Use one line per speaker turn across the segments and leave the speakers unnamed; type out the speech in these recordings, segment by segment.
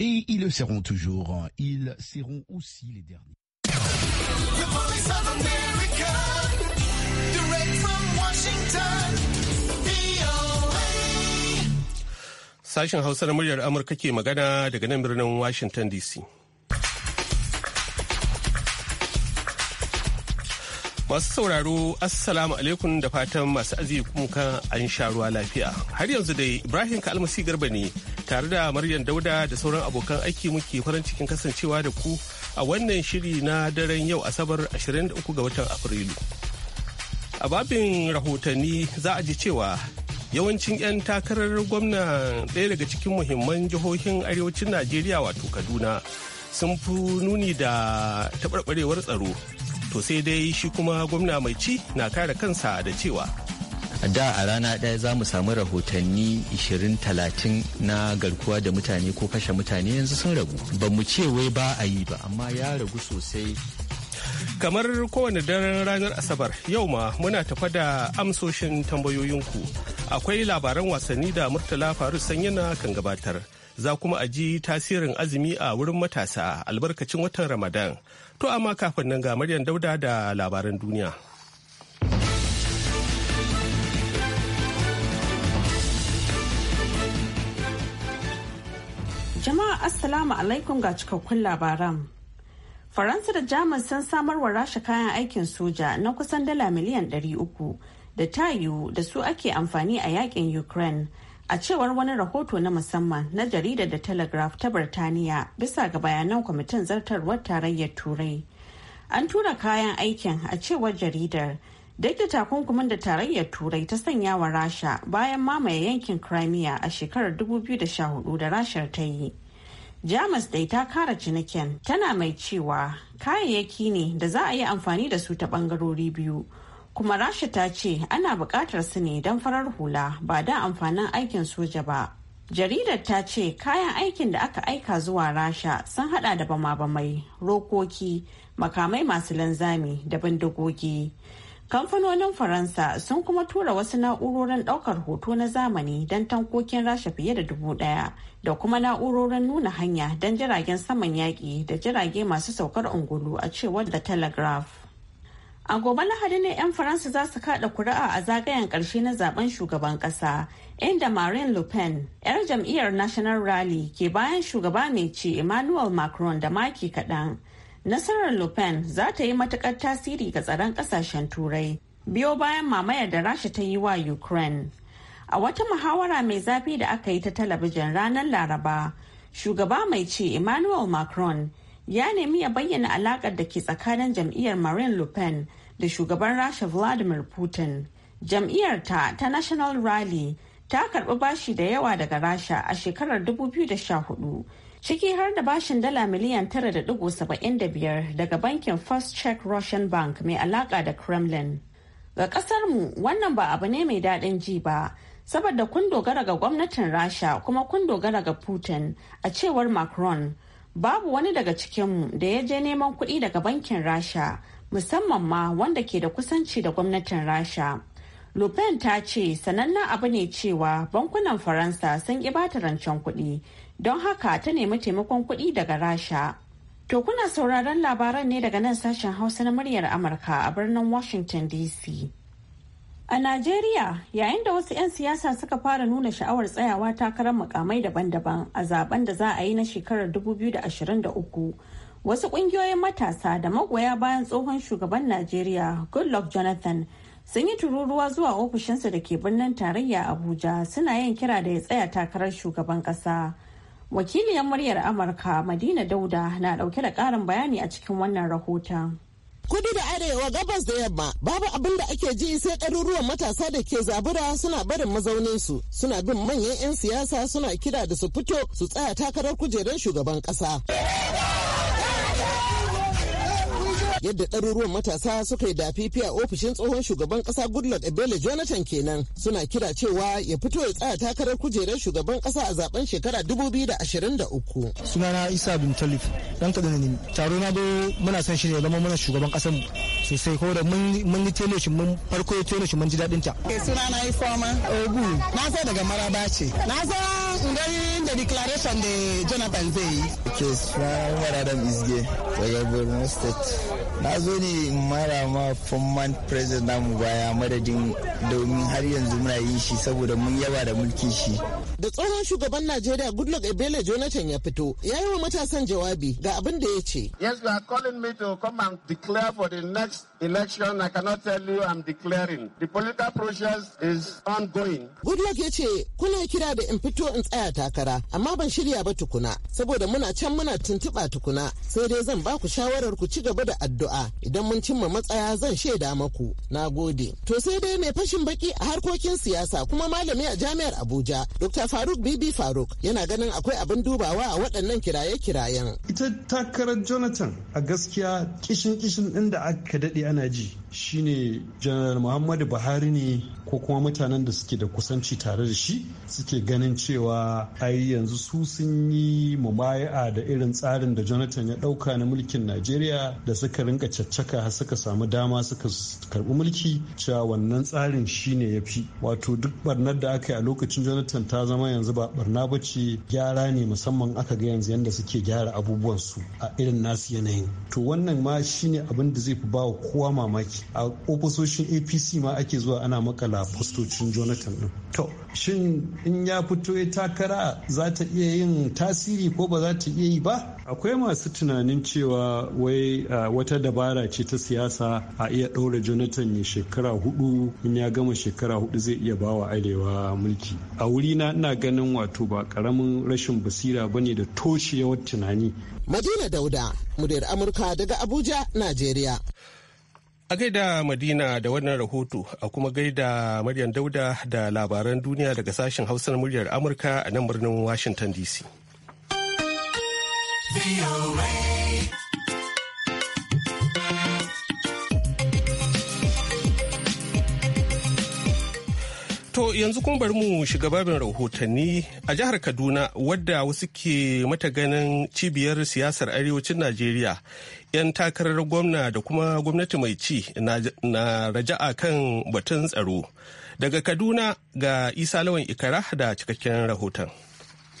Et ils le seront toujours. Ils seront aussi les derniers.
Sashen Hausa na muryar Amurka ke magana daga nan birnin Washington DC. Masu sauraro Assalamu alaikum da fatan masu azumi kuma an sharuwa ruwa lafiya. Har yanzu dai Ibrahim Kalmasi Garba ne tare da Maryam Dauda da sauran abokan aiki muke farin cikin kasancewa da ku a wannan shiri na daren yau Asabar 23 ga watan Afrilu. A babin rahotanni za a ji cewa yawancin 'yan takarar gwamna ɗaya daga cikin muhimman jihohin arewacin Najeriya wato Kaduna sun fi nuni da taɓarɓarewar tsaro to sai dai shi kuma gwamna mai ci na kare kansa da cewa da a rana ɗaya za mu samu rahotanni 20-30 na garkuwa da mutane ko kashe mutane yanzu sun ragu ba mu ce wai ba a yi ba amma ya ragu sosai kamar kowane daren ranar asabar yau ma muna tafa da amsoshin tambayoyinku akwai labaran wasanni da murtala faru sanyana kan gabatar za kuma a ji tasirin azumi a wurin matasa albarkacin watan Ramadan. To amma kafin nan ga Maryam Dauda da labaran duniya.
Jama'a Assalamu alaikum ga cikakkun labaran. Faransa da Jamus sun samar wa rasha kayan aikin soja na kusan dala miliyan 300 da ta yiwu da su ake amfani a yakin Ukraine. A cewar wani rahoto na musamman na jaridar da Telegraph ta Birtaniya bisa ga bayanan kwamitin zartarwar tarayyar Turai. An tura kayan aikin a cewar jaridar duk da takunkumin da tarayyar Turai ta sanya wa Rasha bayan mamaye yankin Crimea a shekarar 2014 da Rashar ta yi. Jamus dai ta kara cinikin tana mai cewa kayayyaki ne da za a yi amfani da su ta bangarori biyu. kuma rasha ta ce ana buƙatar su ne don farar hula ba don amfanin aikin soja ba jaridar ta ce kayan aikin da aka aika zuwa rasha sun hada da bama-bamai rokoki makamai masu linzami da bindigogi kamfanonin faransa sun kuma tura wasu na'urorin daukar hoto na zamani don tankokin rasha fiye da dubu daya da kuma na'urorin nuna hanya don jiragen saman yaƙi da jirage masu saukar ungulu a cewar da telegraph A gobe Lahadi ne 'yan Faransa za su kada kuri'a a zagayen ƙarshe na zaben shugaban ƙasa, inda Marine Le Pen, 'yar jam'iyyar National Rally, ke bayan shugaba mai ce Emmanuel Macron da maki kaɗan. Nasarar Le Pen za ta yi matuƙar tasiri ga tsaron ƙasashen Turai, biyo bayan mamayar da Rasha ta yi wa Ukraine. A wata muhawara mai zafi da aka yi ta talabijin ranar Laraba, shugaba mai ce Emmanuel Macron ya nemi ya bayyana alaƙar da ke tsakanin jam'iyyar Marine Le Pen da shugaban Rasha Vladimir Putin. Jam'iyyar ta ta National Rally ta karbi bashi da yawa daga Rasha a shekarar 2014, ciki har da bashin dala miliyan 9.75 daga bankin First check Russian Bank mai alaƙa da Kremlin. Ga mu wannan ba abu ne mai daɗin ji ba, saboda kun dogara ga gwamnatin Rasha kuma kun dogara ga Putin a cewar Macron. babu wani daga cikinmu da ya je neman kuɗi daga bankin rasha musamman ma wanda ke da kusanci da gwamnatin rasha lupin ta ce sanannen abu ne cewa bankunan faransa sun ƙi bata rancen kuɗi don haka ta nemi taimakon kuɗi daga rasha to kuna sauraron labaran ne daga nan sashen hausa na muryar amurka a birnin washington dc A Najeriya, yayin da wasu 'yan siyasa suka fara nuna sha'awar tsayawa takarar mukamai daban-daban a zaben da za a yi na shekarar 2023, wasu kungiyoyin matasa da magoya bayan tsohon shugaban Najeriya, Goodluck Jonathan, sun yi tururuwa zuwa ofishinsa da ke birnin tarayya Abuja suna yin kira da ya tsaya takarar shugaban kasa. Wakiliyar muryar Amurka, Madina Dauda, na dauke da ƙarin bayani a cikin wannan rahoton. kudu da
arewa gabas da yamma babu abin da ake ji sai ɗaruruwan matasa da ke zabura suna barin mazauninsu suna bin manyan 'yan siyasa suna kira da su fito su tsaya takarar kujerar shugaban ƙasa. yadda ɗaruruwan matasa suka yi dafifi a ofishin tsohon shugaban ƙasa goodluck ebele jonathan kenan suna kira cewa ya fito ya tsaya takarar kujerar shugaban ƙasa a zaben shekara 2023
sunana isa bin talif dan kadan ne taro na do muna son shi ne zama mana shugaban ƙasa mu sosai ko da mun yi tele shi mun farko ya tele shi mun ji daɗin ta eh,
sunana ifoma
ogu na daga maraba ce na san the declaration da Jonathan zai yi.
Ke Isge daga Borno State. Na zo ne
mara ma former president namu baya madadin domin har yanzu muna yi shi saboda mun yaba da mulkin shi.
Da tsohon shugaban Najeriya Goodluck Ebele Jonathan ya fito, ya yi wa matasan jawabi ga abin da ya ce. Yes, they are calling me to come and declare for the
next election, I cannot tell you I'm declaring. The political process is ongoing.
Goodluck ya ce, kuna kira da in fito in tsaya takara, amma ban shirya ba tukuna, saboda muna can muna tuntuɓa tukuna, sai dai zan ba ku shawarar ku ci gaba da addu'a, idan mun cimma matsaya zan shaida maku. Na gode. To sai dai mai fashin baki a harkokin siyasa kuma malami a jami'ar Abuja, Dr. Faruk Bibi Faruk yana ganin akwai abin dubawa a waɗannan kiraye-kirayen.
Ita takarar Jonathan a gaskiya kishin-kishin ɗin da aka daɗe ana ji shine janar muhammadu buhari ne ko kuma mutanen da suke da kusanci tare da shi suke ganin cewa ai yanzu su sun yi mubaya'a da irin tsarin da jonathan ya dauka na mulkin najeriya da suka rinka caccaka har suka samu dama suka karbi mulki cewa wannan tsarin shine ya fi wato duk barnar da aka yi a lokacin jonathan ta zama yanzu ba barna ba ce gyara ne musamman aka ga yanzu yanda suke gyara abubuwansu a irin nasu yanayin to wannan ma shine abin da zai fi bawa wa kowa mamaki a ofisoshin apc ma ake zuwa ana makala fastocin jonathan din to shin in ya fito ya takara za ta iya yin tasiri ko ba za ta iya yi ba akwai masu tunanin cewa wai wata dabara ce ta siyasa a iya ɗaura jonathan ne shekara hudu in ya gama shekara hudu zai iya bawa arewa mulki a wuri na ina ganin wato ba karamin rashin basira ba ne da toshewar
tunani madina dauda muryar amurka daga abuja najeriya
A gaida Madina da wannan rahoto a kuma gaida Maryam Dauda da labaran duniya daga sashen Hausar muryar Amurka a nan birnin Washington DC. To yanzu kun bari mu shiga babin rahotanni a jihar Kaduna wadda wasu ke mata ganin cibiyar siyasar arewacin Najeriya. 'Yan takarar gwamna da kuma gwamnati mai ci na raja'a kan batun tsaro. Daga Kaduna ga Isa Lawan Ikara da cikakken rahoton.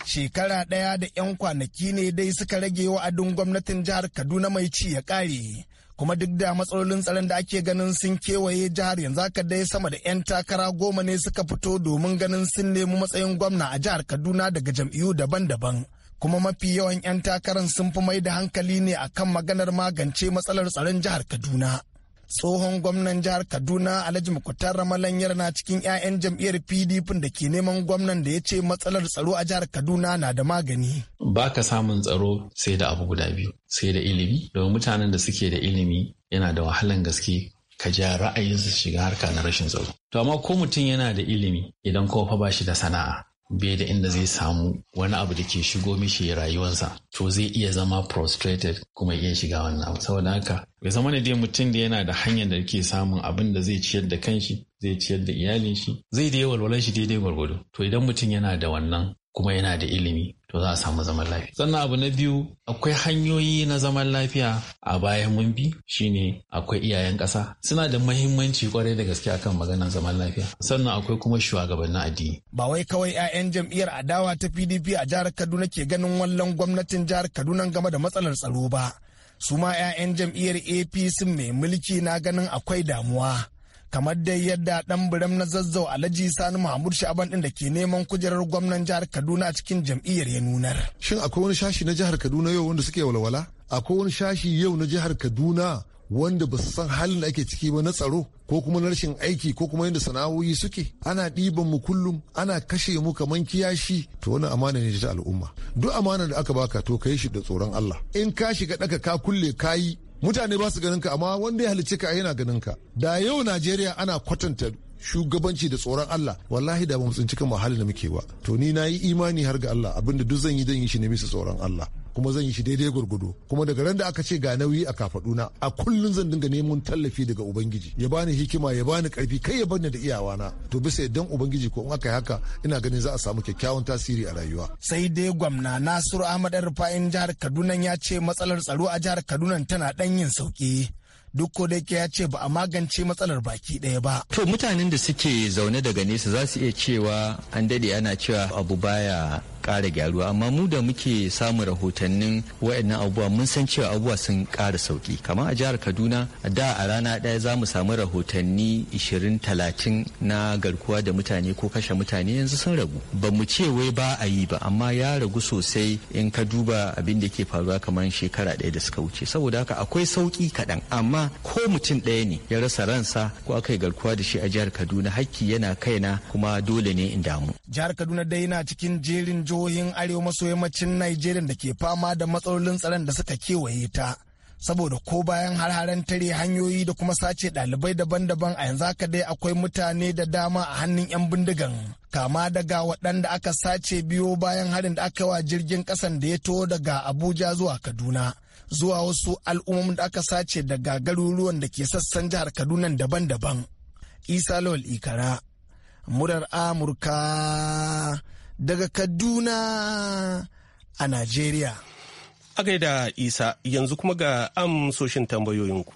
shekara ɗaya da 'yan kwanaki ne dai suka rage wa'adin gwamnatin jihar kaduna mai ci ya ƙare kuma duk da matsalolin tsaron da ake ganin sun kewaye jihar yanzu haka dai sama da 'yan takara goma ne suka fito domin ganin sun nemi matsayin gwamna a jihar kaduna daga jam'iyyu daban-daban kuma mafi yawan 'yan takaran sun fi mai da hankali ne akan maganar magance matsalar tsaron jihar kaduna tsohon gwamnan jihar kaduna alhaji mukutar ramalan na cikin 'ya'yan jam'iyyar pdp da ke neman gwamnan da ya ce matsalar tsaro a jihar kaduna na da magani
ba ka samun tsaro sai da abu guda biyu sai da ilimi domin mutanen da suke da ilimi yana da wahalan gaske ka ja ra'ayinsu shiga harka na rashin tsaro to amma ko mutum yana da ilimi idan kowa fa ba shi da sana'a bai da inda zai samu wani abu da ke shigo mishi rayuwarsa to zai iya zama prostrated kuma iya shiga wannan abu saboda haka bai zama ne dai mutum da yana da hanyar da ke samun abin da zai ciyar da kanshi zai ciyar da iyalin shi zai da walwalar shi daidai gwargwado to idan mutum yana da wannan kuma yana da ilimi to za a samu zaman lafiya. Sannan abu na biyu akwai hanyoyi na zaman lafiya a bayan mun bi shine akwai iyayen ƙasa suna da mahimmanci kwarai da gaske akan maganar zaman lafiya. Sannan akwai kuma shugabannin addini.
Ba wai kawai 'ya'yan jam'iyyar adawa ta PDP a jihar Kaduna ke ganin wallan gwamnatin jihar Kaduna game da matsalar tsaro ba. Su ma 'ya'yan jam'iyyar APC mai mulki na ganin akwai damuwa. kamar dai yadda dan biram na zazzau alhaji sani mahmud sha'aban din da ke neman kujerar gwamnan jihar kaduna cikin jam'iyyar ya nunar shin akwai wani shashi na jihar kaduna yau wanda suke walwala akwai wani shashi yau na jihar kaduna wanda ba su san halin da ake ciki ba na tsaro ko kuma na rashin aiki ko kuma yadda sana'o'i suke ana ɗiban mu kullum ana kashe mu kaman kiyashi to wani amana ne ta al'umma duk amana da aka baka to ka
yi shi da tsoron Allah
in ka shiga ɗaka ka kulle kayi mutane ba su ganin ka amma wanda ya halicci ka yana ganin ka da yau najeriya ana kwatanta shugabanci da tsoron Allah wallahi da ba mu tsinci kan da muke ba to ni na yi imani har ga Allah abinda duk zan yi zan yi shi ne bisa tsoron Allah kuma zan yi shi daidai gurgudu kuma daga ran da aka ce ga nauyi a kafaduna a kullun zan dinga neman tallafi daga ubangiji ya bani hikima ya bani karfi kai ya bani da iyawa na to bisa yaddan ubangiji ko in aka yi haka ina ganin za a samu kyakkyawan tasiri a rayuwa sai dai gwamna nasiru ahmad rufa'in jihar kaduna ya ce matsalar tsaro a jihar kaduna tana dan yin sauki duk ko da ya ce ba a magance matsalar baki daya ba.
To mutanen da suke zaune daga nesa za su iya cewa an dade ana cewa abu baya kara gyaruwa amma mu da muke samun rahotannin wayannan abubuwa mun san cewa abubuwa sun kara sauki kamar a jihar kaduna da a rana ɗaya zamu samu rahotanni 20-30 na garkuwa da mutane ko kashe mutane yanzu sun ragu ba mu ce wai ba a yi ba amma ya ragu sosai in ka duba abin da ke faruwa kamar shekara ɗaya da suka wuce saboda haka akwai sauki kaɗan amma ko mutum ɗaya ne ya rasa ransa ko aka yi garkuwa da shi a jihar kaduna hakki yana kaina kuma dole ne
in damu
jihar kaduna dai yana cikin jerin jo jihohin arewa maso yammacin Najeriya da ke fama da matsalolin tsaron da suka kewaye ta. Saboda ko bayan har-haren tare hanyoyi da kuma sace ɗalibai daban-daban a yanzu haka dai akwai mutane da dama a hannun 'yan bindigan. Kama daga waɗanda aka sace biyo bayan harin da aka wa jirgin ƙasan da ya taho daga Abuja zuwa Kaduna. Zuwa wasu al'ummomin da aka sace daga garuruwan da ke sassan jihar Kaduna daban-daban. Isa Lawal Ikara, Murar Amurka, daga Kaduna a Najeriya.
A gaida Isa yanzu kuma ga amsoshin tambayoyinku.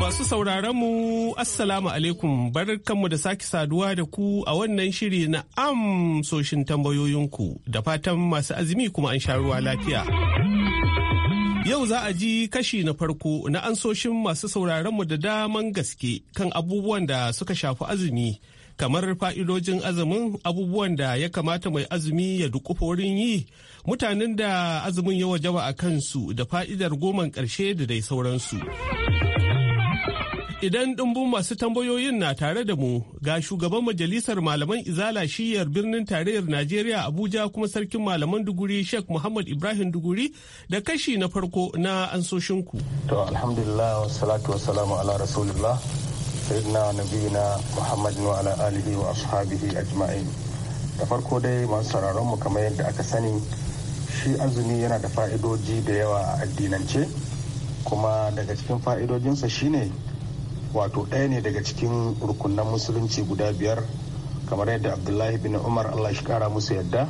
Masu sauraron mu Assalamu alaikum barkanmu da sake saduwa da ku a wannan shiri na amsoshin tambayoyinku da fatan masu azumi kuma an sha ruwa lafiya. Yau za a ji kashi na farko na ansoshin masu sauraronmu da daman gaske kan abubuwan da suka shafi azumi, kamar fa'idojin azumin abubuwan da ya kamata mai azumi ya dukufa wurin yi, mutanen da azumin ya wajaba a kansu da fa'idar goman ƙarshe da dai sauransu. Idan ɗumbun masu tambayoyin na tare da mu ga shugaban majalisar malaman izala shiyar birnin tarayyar Najeriya Abuja kuma sarkin malaman duguri Sheikh Muhammad Ibrahim duguri da kashi na farko na ansoshinku.
To alhamdulillah wa salamu ala rasulillah sayyidina nabiyina Muhammad wa ala alihi wa ashabihi ajma'in. Da farko dai masu sauraron mu kamar yadda aka sani shi azumi yana da fa'idoji da yawa a addinance kuma daga cikin fa'idojinsa shine wato ɗaya ne daga cikin rukunan musulunci guda biyar kamar yadda abdullahi bin umar allah shi kara musu yadda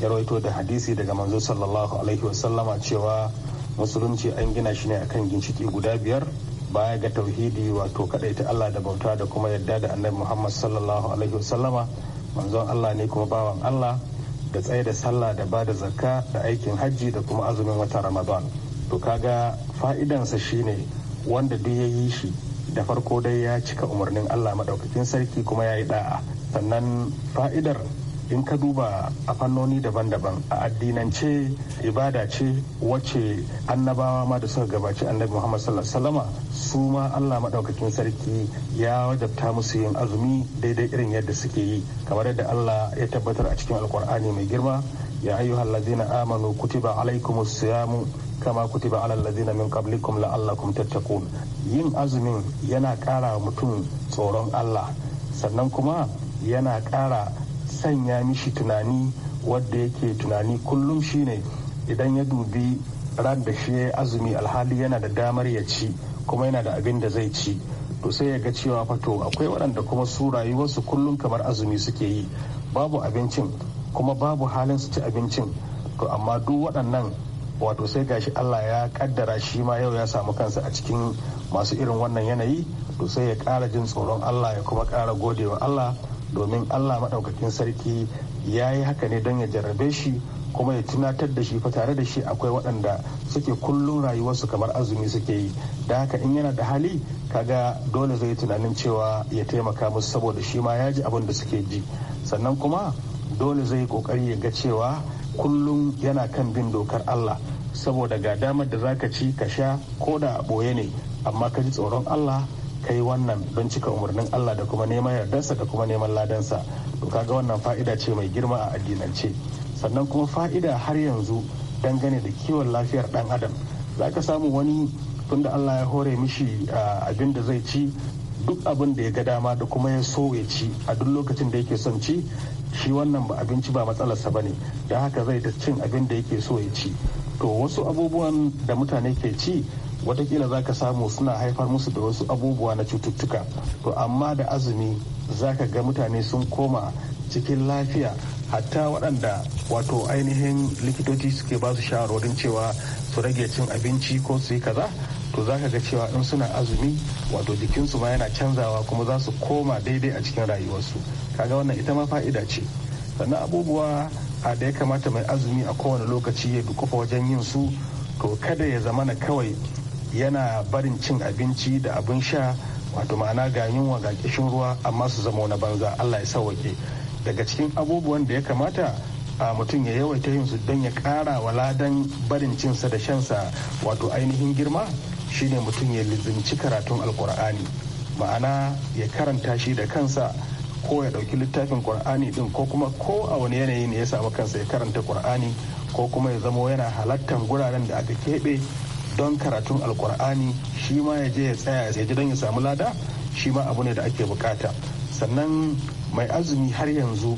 ya rawaito da hadisi daga manzo sallallahu alaihi wasallama cewa musulunci an gina shi ne akan ginshiki guda biyar baya ga tauhidi wato ta allah da bauta da kuma yadda da annabi muhammad sallallahu alaihi wasallama manzon allah ne kuma bawan allah da tsaye da sallah da ba da zakka da aikin hajji da kuma azumin wata ramadan to kaga fa'idansa shine wanda duk ya yi shi da farko dai ya cika umarnin allah maɗaukakin sarki kuma ya yi da'a sannan fa'idar in ka duba a fannoni daban-daban a addinance ibada ce wacce annabawa ma da suka gabaci annabi muhammad sallallahu su ma allah maɗaukakin sarki ya wajabta musu yin azumi daidai irin yadda suke yi kamar yadda allah ya tabbatar a cikin alkur'ani mai girma ya ladina amanu kutiba alaikumus siyamu kama kutiba alal ladina min qablikum la'allakum tattaqun yin azumin yana kara mutum tsoron Allah sannan kuma yana kara sanya mishi tunani wadda yake tunani kullum shine idan ya dubi ran da shi azumi alhali yana da damar ya ci kuma yana da abin da zai ci to sai ya ga cewa fato akwai waɗanda kuma su rayuwarsu kullum kamar azumi suke yi babu abincin kuma babu halin su ci abincin to amma duk waɗannan wato sai gashi allah ya kaddara shi ma yau ya samu kansa a cikin masu irin wannan yanayi to sai ya kara jin tsoron allah ya kuma kara godewa allah domin allah maɗaukakin sarki ya yi haka ne don ya jarrabe shi kuma ya tunatar da shi fa tare da shi akwai waɗanda suke kullum rayuwarsu kamar azumi suke yi da haka in yana da hali kaga dole zai tunanin cewa ya taimaka musu saboda shi ma ya ji abin da suke ji sannan kuma dole zai kokari ya ga cewa kullum yana kan bin dokar Allah saboda ga damar da zaka ci ka sha ko da boye ne amma ka ji tsoron Allah ka yi wannan don cika umarnin Allah da kuma neman yardarsa da kuma neman ladansa to kaga wannan fa'ida ce mai girma a addinance sannan kuma fa'ida har yanzu dangane da kiwon lafiyar dan adam zaka samu wani tunda Allah ya hore mishi ah, abin da zai ci duk abin da ya ga dama da kuma ya so ya ci a duk lokacin da yake son ci shi wannan ba abinci ba matsalarsa ba ne da haka zai ta cin abin da yake so ya ci to wasu abubuwan da mutane ke ci watakila za ka samu suna haifar musu da wasu abubuwa na cututtuka to amma da azumi za ka ga mutane sun koma cikin lafiya hatta waɗanda wato ainihin likitoci suke ba su shawarwarin cewa su rage cin abinci ko su yi kaza to za ka ga cewa in suna azumi wato jikinsu ma yana canzawa kuma za su koma daidai a cikin rayuwarsu kaga wannan ita ma fa'ida ce sannan abubuwa a da ya kamata mai azumi a kowane lokaci ya dukufa wajen yin su to kada ya zama na kawai yana barin cin abinci da abin sha wato ma'ana ga yunwa ga kishin ruwa amma su zama na banza allah ya sauwake daga cikin abubuwan da ya kamata a mutum ya yawaita yin su don ya kara wa ladan barin cinsa da shansa wato ainihin girma shine mutum ya lizinci karatun alkur'ani ma'ana ya karanta shi da kansa ko ya dauki littafin Kur'ani din ko kuma ko a wani yanayi ne ya samu kansa ya karanta Kur'ani ko kuma ya zamo yana halattan guraren da aka keɓe don karatun alkur'ani shi ma ya je ya tsaya ya ji don ya samu lada shi ma abu ne da ake bukata sannan mai azumi har yanzu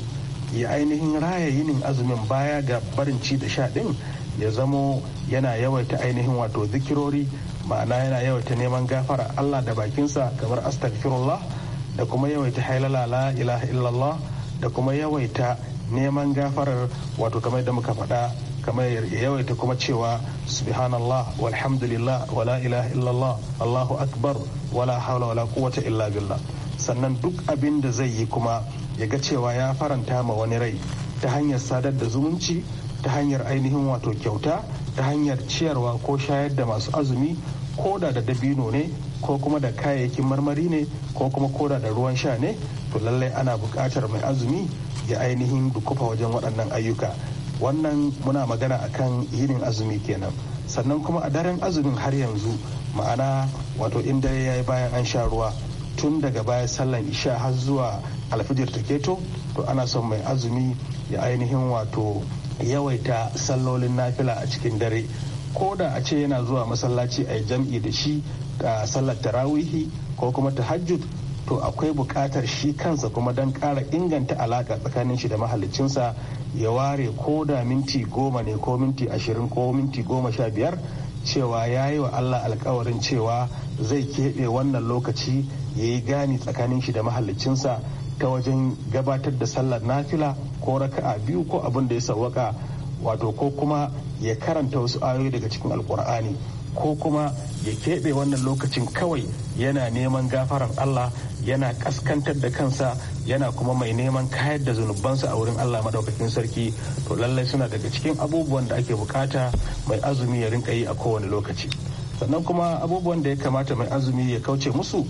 ya ainihin raya yinin azumin baya ga barin ci da sha ɗin ya zamo yana yawaita ainihin wato zikirori ma'ana yana yawaita neman gafara Allah da bakinsa kamar astaghfirullah da kuma yawaita hailala la ilaha illallah da kuma yawaita neman gafarar wato kamar da muka faɗa kamar yawaita kuma cewa subhanallah walhamdulillah wala ilaha illallah allahu akbar wala hawla wala quwwata illa billah sannan duk abin da zai yi kuma ya ga cewa ya faranta ma wani rai ta hanyar sadar da zumunci ta hanyar ainihin wato kyauta ta hanyar ciyarwa ko shayar da masu azumi koda da dabino ne ko kuma da kayayyakin marmari ne ko kuma koda da ruwan sha ne to lallai ana buƙatar mai azumi ya ainihin dukufa wajen waɗannan ayyuka wannan muna magana akan yinin azumi kenan sannan kuma a daren azumin har yanzu ma'ana wato in dare ya yi bayan an sha ruwa tun daga baya sallan isha har zuwa alfijir ta keto to ana son mai azumi ya ainihin wato yawaita sallolin nafila a cikin dare ko da a ce yana zuwa masallaci a jam'i da shi a sallar tarawihi ko kuma tahajjud to akwai buƙatar shi kansa kuma don ƙara inganta alaƙa tsakanin shi da mahalicinsa ya ware ko da minti goma ne ko minti ashirin ko minti goma sha biyar cewa ya yi wa Allah alkawarin cewa zai keɓe wannan lokaci ya yi gani tsakanin shi da mahallicinsa ta wajen gabatar da sallar nafila ko raka'a biyu ko abin da ya sawwaka wato ko kuma ya karanta wasu ayoyi daga cikin alkur'ani ko kuma ya keɓe wannan lokacin kawai yana neman gafarar Allah yana kaskantar da kansa yana kuma mai neman kayar da zunubansa a wurin Allah madaukakin sarki to lallai suna daga cikin abubuwan da ake bukata mai azumi ya rinka yi a kowane lokaci sannan kuma abubuwan da ya kamata mai azumi ya kauce musu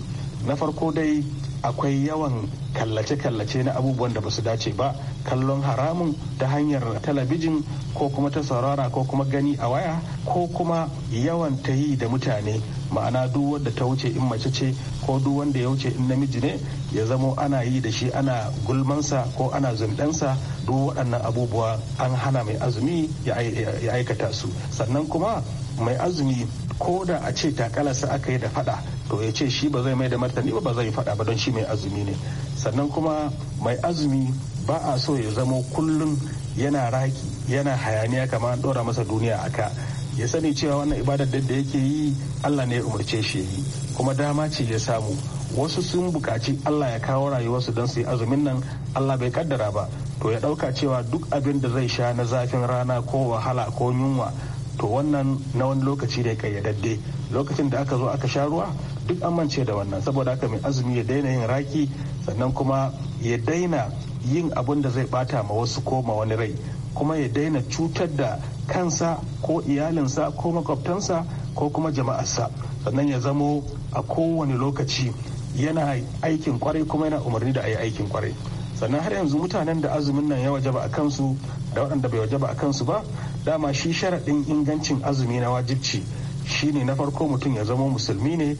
na farko dai akwai yawan kallace-kallace na abubuwan da ba su dace ba kallon haramun ta hanyar talabijin ko kuma ta saurara ko kuma gani a waya ko kuma yawan ta yi da mutane ma'ana duk wanda ta wuce in mace ce ko duk wanda ya wuce in namiji ne ya zamo ana yi da shi ana gulmansa ko ana zundansa duk waɗannan abubuwa an hana mai azumi ya aikata su sannan kuma mai azumi ko da a ce sa aka yi da fada to ya ce shi ba zai mai da martani ba ba zai fada ba don shi mai azumi ne sannan kuma mai azumi ba a so ya zamo kullum yana raki yana hayaniya kamar an dora masa duniya aka ya sani cewa wannan ibadar da yake yi allah ne ya umarce shi yi kuma dama ce ya samu wasu sun bukaci allah ya kawo rayuwarsu don su yi azumin nan allah bai kaddara ba to ya ɗauka cewa duk abin da zai sha na zafin rana ko wahala ko yunwa to wannan na wani lokaci da ya kayyadadde lokacin da aka zo aka sha ruwa duk amince da wannan saboda haka mai azumi ya daina yin raki sannan kuma ya daina yin abin da zai bata ma wasu ko ma wani rai kuma ya daina cutar da kansa ko iyalinsa ko makwabtansa ko kuma jama'arsa sannan ya zamo a kowane lokaci yana aikin kwarai kuma yana umarni da a yi aikin kwarai sannan har yanzu mutanen da azumin nan ya wajaba a kansu da waɗanda bai wajaba a kansu ba dama shi sharaɗin ingancin azumi na wajibci Shi ne na farko mutum ya zama musulmi ne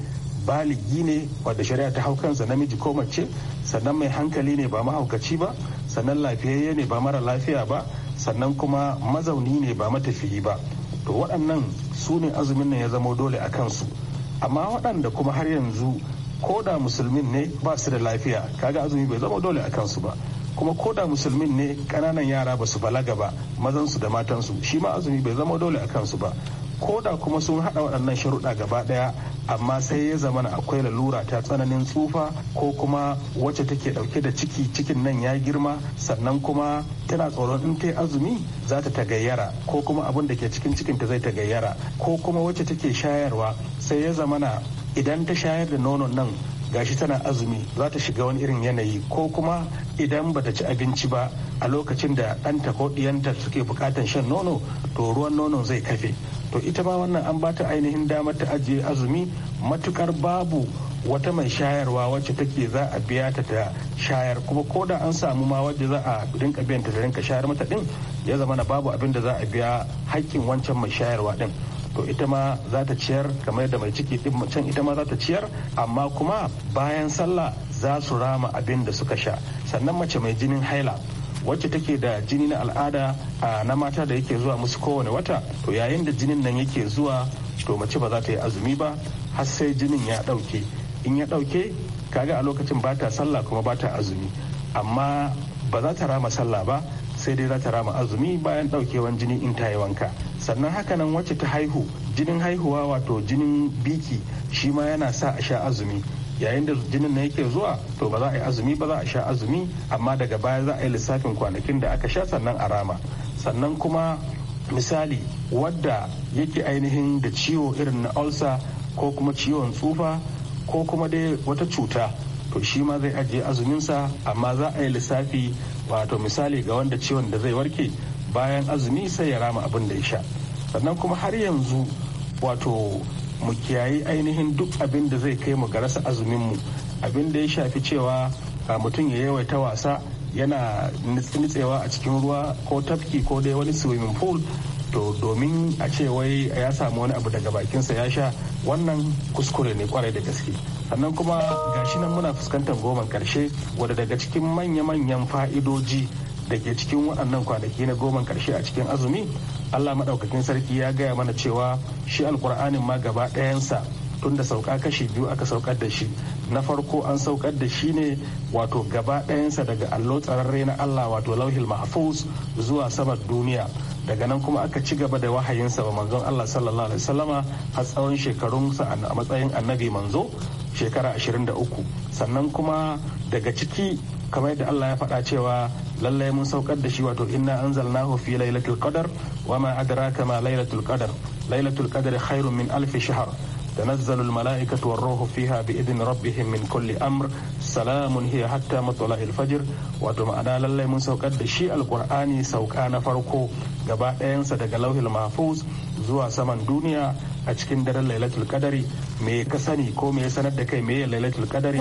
baligi ne wadda shari'a ta hau kansa namiji ko mace sannan mai hankali ne ba mahaukaci ba sannan lafiyayye ne ba mara lafiya ba sannan kuma mazauni ne ba matafiyi ba to waɗannan su ne azumin nan ya zama dole a kansu amma waɗanda kuma har yanzu ko da musulmin ne ba su da lafiya kaga azumi bai zama dole a kansu ba kuma ko da musulmin ne kananan yara ba su balaga ba mazansu da matansu shi ma azumi bai zama dole a kansu ba ko da kuma sun haɗa waɗannan sharuɗa gaba ɗaya amma sai ya zamana akwai lalura ta tsananin tsufa ko kuma wacce take ɗauke da ciki cikin nan ya girma sannan kuma tana tsoron in ta azumi za ta tagayyara ko kuma abin da ke cikin cikinta zai tagayyara ko kuma wacce take shayarwa sai ya zamana idan ta shayar da nono nan gashi tana azumi za ta shiga wani irin yanayi ko kuma idan ba ta ci abinci ba a lokacin da ɗanta ko ɗiyanta suke bukatan shan nono to ruwan nono zai kafe to ita ma wannan an bata ainihin damar ta ajiye azumi matukar babu wata mai shayarwa wacce take za a biya ta ta shayar kuma ko da an samu ma wadda za a rinka biyan ta ta rinka shayar mata din ya zama na babu abin da za a biya haƙƙin wancan mai shayarwa din to ita ma za ta ciyar kamar yadda mai ciki din macen ita ma za ta ciyar amma kuma bayan sallah za su rama abin da suka sha sannan mace mai jinin haila wacce take da jini na al'ada na mata da yake zuwa musu kowane wata to yayin da jinin nan yake zuwa to mace ba za ta yi azumi ba har sai jinin ya ɗauke in ya ɗauke kaga a lokacin ba ta sallah kuma ba ta azumi amma ba za ta rama sallah ba sai dai za ta rama azumi bayan ɗaukewan jini in ta yi wanka sannan hakanan wacce ta haihu jinin haihuwa wato jinin biki shi ma yana sa a sha azumi yayin da jinin na yake zuwa to ba za a yi azumi ba za a sha azumi amma daga baya za a yi lissafin kwanakin da aka sha sannan a rama sannan kuma misali wadda yake ainihin da ciwo irin na ulcer ko kuma ciwon tsufa ko kuma dai wata cuta to shi ma zai ajiye azuminsa amma za a yi lissafi wato misali ga wanda ciwon da zai warke bayan azumi sai ya rama abin da ya sha sannan kuma har yanzu wato mu kiyaye ainihin duk abin da zai kai mu ga rasa azuminmu abin da ya shafi cewa mutum ya yawaita wasa yana nitsewa a cikin ruwa ko tafki ko dai wani swimming pool to domin a ce wai ya samu wani abu daga bakin sa ya sha wannan kuskure ne kwarai da gaske sannan kuma gashi nan muna fuskantar goma karshe wadda daga cikin manya-manyan fa'idoji da ke cikin waɗannan kwanaki na goma ƙarshe a cikin azumi allah maɗaukakin sarki ya gaya mana cewa shi alkur'anin ma gaba ɗayansa tun da sauka kashi biyu aka saukar da shi na farko an saukar da shi ne wato gaba ɗayansa daga allo tsararre na allah wato lauhil mahfuz zuwa saman duniya daga nan kuma aka ci gaba da wahayinsa ba manzon Allah sallallahu alaihi wasallama har tsawon shekarunsa a matsayin annabi manzo shekara 23 sannan kuma daga ciki kamar yadda Allah ya faɗa cewa lallai mun saukar da shi wato inna anzalnahu fi lailatul qadar wa ma adraka ma lailatul qadar lailatul qadar khairun min alfi shahr تنزل الملائكة والروح فيها بإذن ربهم من كل أمر سلام هي حتى مطلع الفجر wato ma'ana lallai mun saukar da shi alkur'ani sauka na farko gaba ɗayansa daga lauhil mahfuz zuwa saman duniya a cikin daren lailatul kadari me ka sani ko me ya sanar da kai me lailatul kadari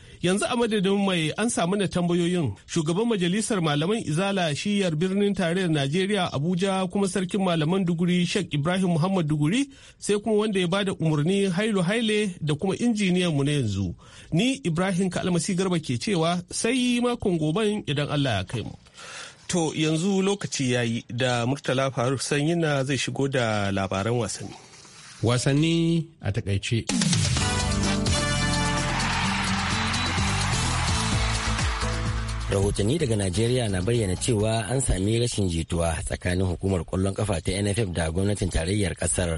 yanzu a madadin mai an samu na tambayoyin shugaban majalisar malaman izala shiyar birnin tarayyar najeriya abuja kuma sarkin malaman duguri sheikh ibrahim muhammad duguri sai kuma wanda ya bada umarni hailu haile da kuma injiniyan mu na yanzu ni ibrahim kalmasi garba ke cewa sai makon goben idan allah ya kai mu to yanzu lokaci ya yi da murtala faruk sanyina zai shigo da labaran wasanni
wasanni a takaice rahotanni daga najeriya na bayyana cewa an sami rashin jituwa tsakanin hukumar kwallon kafa ta nff da gwamnatin tarayyar kasar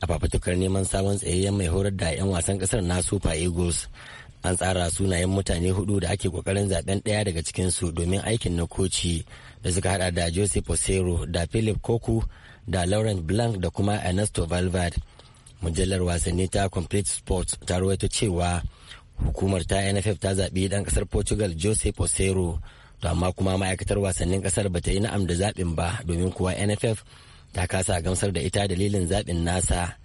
a fafutukar neman sabon tsayayyen mai horar da 'yan wasan kasar na super eagles an tsara sunayen mutane hudu da ake kokarin zaben daya daga cikinsu domin aikin na koci da suka hada da joseph osero da philip koku da laurent blanc da kuma ernesto valverde mujallar wasanni ta complete sports ta rawaito cewa hukumar ta nff ta zaɓi ɗan kasar portugal jose posero to amma kuma ma'aikatar wasannin ƙasar ta yi na'am da zaɓin ba domin kuwa nff ta kasa gamsar da ita dalilin zaɓin nasa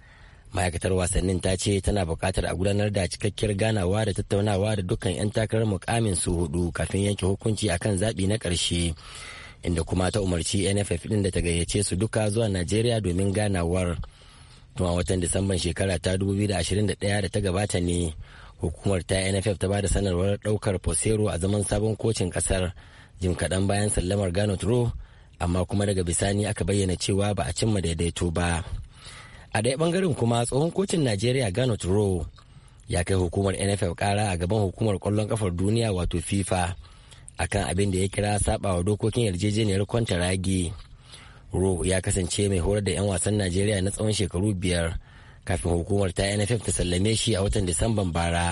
ma'aikatar wasannin ta ce tana buƙatar a gudanar da cikakkiyar ganawa da tattaunawa da dukkan 'yan takarar mukamin su hudu kafin yanke hukunci akan zaɓi na ƙarshe inda kuma ta umarci nff ɗin da ta gayyace su duka zuwa najeriya domin ganawar tun a watan disamban shekara ta 2021 da ta gabata ne hukumar ta nff ta bada sanarwar daukar posero a zaman sabon kocin kasar jim kaɗan bayan sallamar gano ro amma kuma daga bisani aka bayyana cewa ba a cimma daidaito ba a ɗaya ɓangaren kuma tsohon kocin najeriya gano ro ya kai hukumar nff ƙara a gaban hukumar kwallon ƙafar duniya wato fifa akan abin da ya kira wa dokokin yarjejeniyar ragi ro ya kasance mai horar da 'yan wasan najeriya na tsawon shekaru biyar kafin hukumar ta nff ta sallame shi a watan disamban bara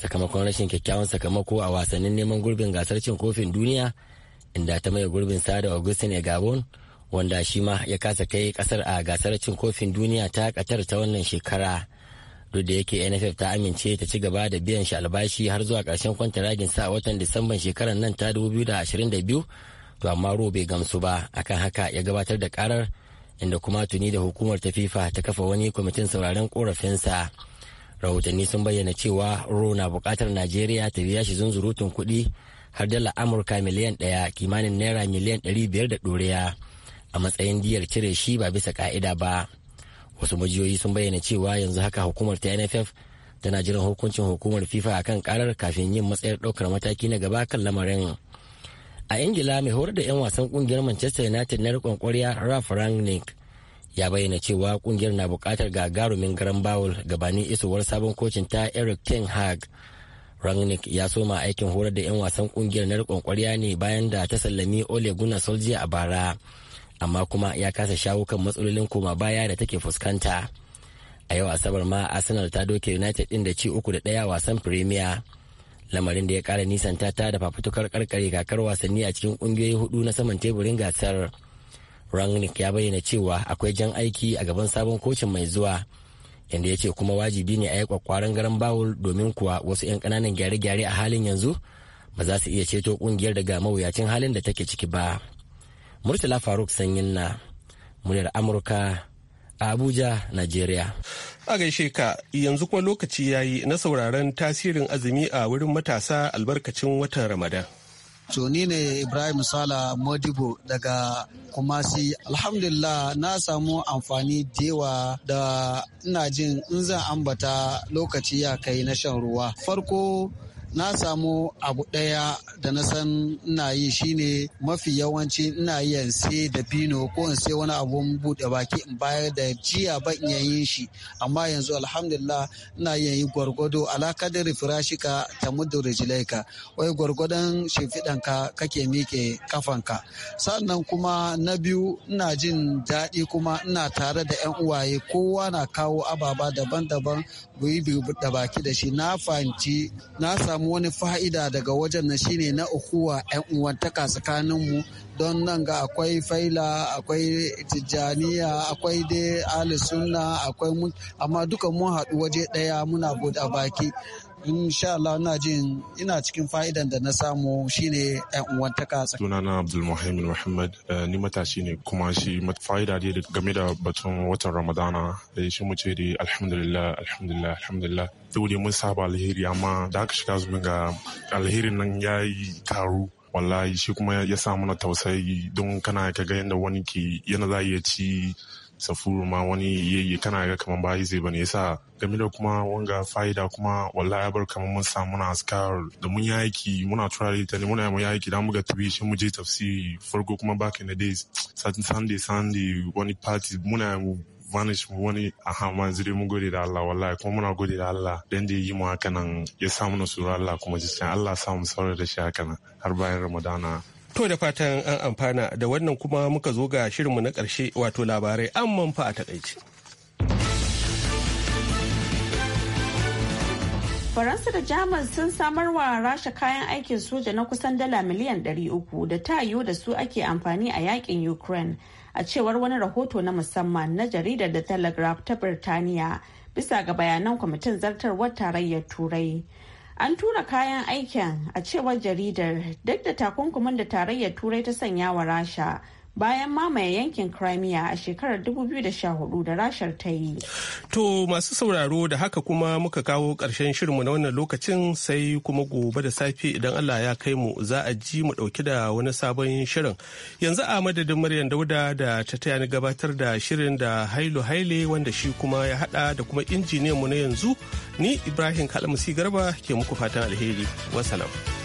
sakamakon rashin kyakkyawan sakamako a wasannin neman gurbin gasar cin kofin duniya inda ta maye gurbin sada augustine augustin egabon wanda shi ma ya kasa kai kasar a gasar cin kofin duniya ta katar ta wannan shekara duk da yake nff ta amince ta ci gaba da biyan shi albashi har zuwa karshen kwantaragin sa a watan disamban shekarar nan ta 2022 to amma ro bai gamsu ba akan haka ya gabatar da karar inda kuma tuni da hukumar ta fifa ta kafa wani kwamitin sauraren korafinsa rahotanni sun bayyana cewa ro na bukatar najeriya ta biya shi zunzurutun kuɗi har dala amurka miliyan ɗaya kimanin naira miliyan ɗari biyar da ɗoriya a matsayin diyar cire shi ba bisa ka'ida ba wasu majiyoyi sun bayyana cewa yanzu haka hukumar ta nff tana jiran hukuncin hukumar fifa akan karar kafin yin matsayar ɗaukar mataki na gaba kan lamarin a ingila mai horar da 'yan wasan kungiyar manchester united na rikon kwarya ralph rangnick ya bayyana cewa kungiyar na bukatar gagarumin garan bawul gabanin isowar sabon kocin ta eric ten hag rangnick ya soma aikin horar da 'yan wasan kungiyar na rikon kwarya ne bayan da ta sallami ole gunnar solskjaer a bara amma kuma ya kasa shawo kan matsalolin koma baya da take fuskanta a yau asabar ma arsenal ta doke united din da ci uku da daya wasan premier lamarin da ya kara nisanta ta da fafutukar karkare kakar wasanni a cikin kungiyoyi hudu na saman teburin gasar rangnick ya bayyana cewa akwai jan aiki a gaban sabon kocin mai zuwa inda ya ce kuma wajibi ne a yi kwakwaran garan bawul domin kuwa wasu 'yan kananan gyare-gyare a halin yanzu ba za su iya ceto kungiyar daga mawuyacin halin da take ciki ba murtala faruk sanyin na muryar amurka a Abuja, Najeriya.
A gaishe ka yanzu kuma lokaci ya yi na sauraron tasirin azumi a wurin
matasa albarkacin watan Ramadan. To ni ne Ibrahim Sala Modibo daga Kumasi. Alhamdulillah na samu amfani da da ina jin in zan ambata lokaci ya kai na shan ruwa. Farko na samu abu ɗaya da na san ina yi shine mafi yawanci ina yi yanse da bino ko in sai wani abun buɗe baki in bayar da jiya ba in yin shi amma yanzu alhamdulillah ina iya yi gwargwado alakadar firashika ta muddu rijilaika wai gwargwadon ka kake miƙe ka? sannan kuma na biyu ina jin daɗi kuma ina tare da 'yan uwaye kowa na kawo ababa daban-daban yi da baki da shi na fahimci na samu wani fa'ida daga wajen na shine na ukuwa 'yan uwantaka mu don nan ga akwai faila akwai tijjaniya akwai dai ali sunna akwai amma duka mun haɗu waje ɗaya muna buɗa baki insha Allah ina jin ina cikin fa'idan da na samu shine uwan yan kasa sunana Abdul Muhammad Muhammad
eh, ni matashi ne kuma shi fa'ida da game da batun watan Ramadana eh, shi mu ce dai alhamdulillah alhamdulillah alhamdulillah dole mun saba alheri amma da aka shiga zumin ga alherin nan ya yi karu wallahi shi kuma ya samu mana tausayi don kana ka ga yadda wani ke yana za ya ci safuru ma wani yayi kana ga kamar ba zai bane yasa game da kuma wanga fa'ida kuma wallahi bar kamar mun samu na askar da mun yi aiki muna turare ta ne muna yi aiki da muka tabi shi mu je tafsiri farko kuma back in the days satin sunday sunday wani party muna vanish mu wani a hama zire mu gode da Allah wallahi kuma muna gode da Allah dan da yi mu haka nan ya samu na Allah kuma jisai Allah samu saurari da shi haka nan har bayan Ramadana To da fatan an amfana da wannan kuma muka zo ga shirinmu na ƙarshe wato labarai an manfa a takaici.
Faransa da Jamus sun samar wa rasha kayan aikin soja na kusan dala miliyan 300 da ta yiwu da su ake amfani a yakin Ukraine a cewar wani rahoto na musamman na jaridar da Telegraph ta Birtaniya bisa ga bayanan kwamitin zartarwar tarayyar Turai. An tura kayan aikin a cewar jaridar duk da takunkumin da tarayyar turai ta sanya wa rasha bayan mamaye yankin Crimea a shekarar 2014 da rashar ta yi.
To masu sauraro da haka kuma muka kawo ƙarshen shirinmu na wannan lokacin sai kuma gobe da safe idan Allah ya kai mu za a ji mu ɗauki da wani sabon shirin. Yanzu a madadin Maryam Dauda da ta taya ni gabatar da shirin da Hailu Haile wanda shi kuma ya haɗa da kuma injiniyan mu na yanzu ni Ibrahim Kalamusi Garba ke muku fatan alheri. Wasalam.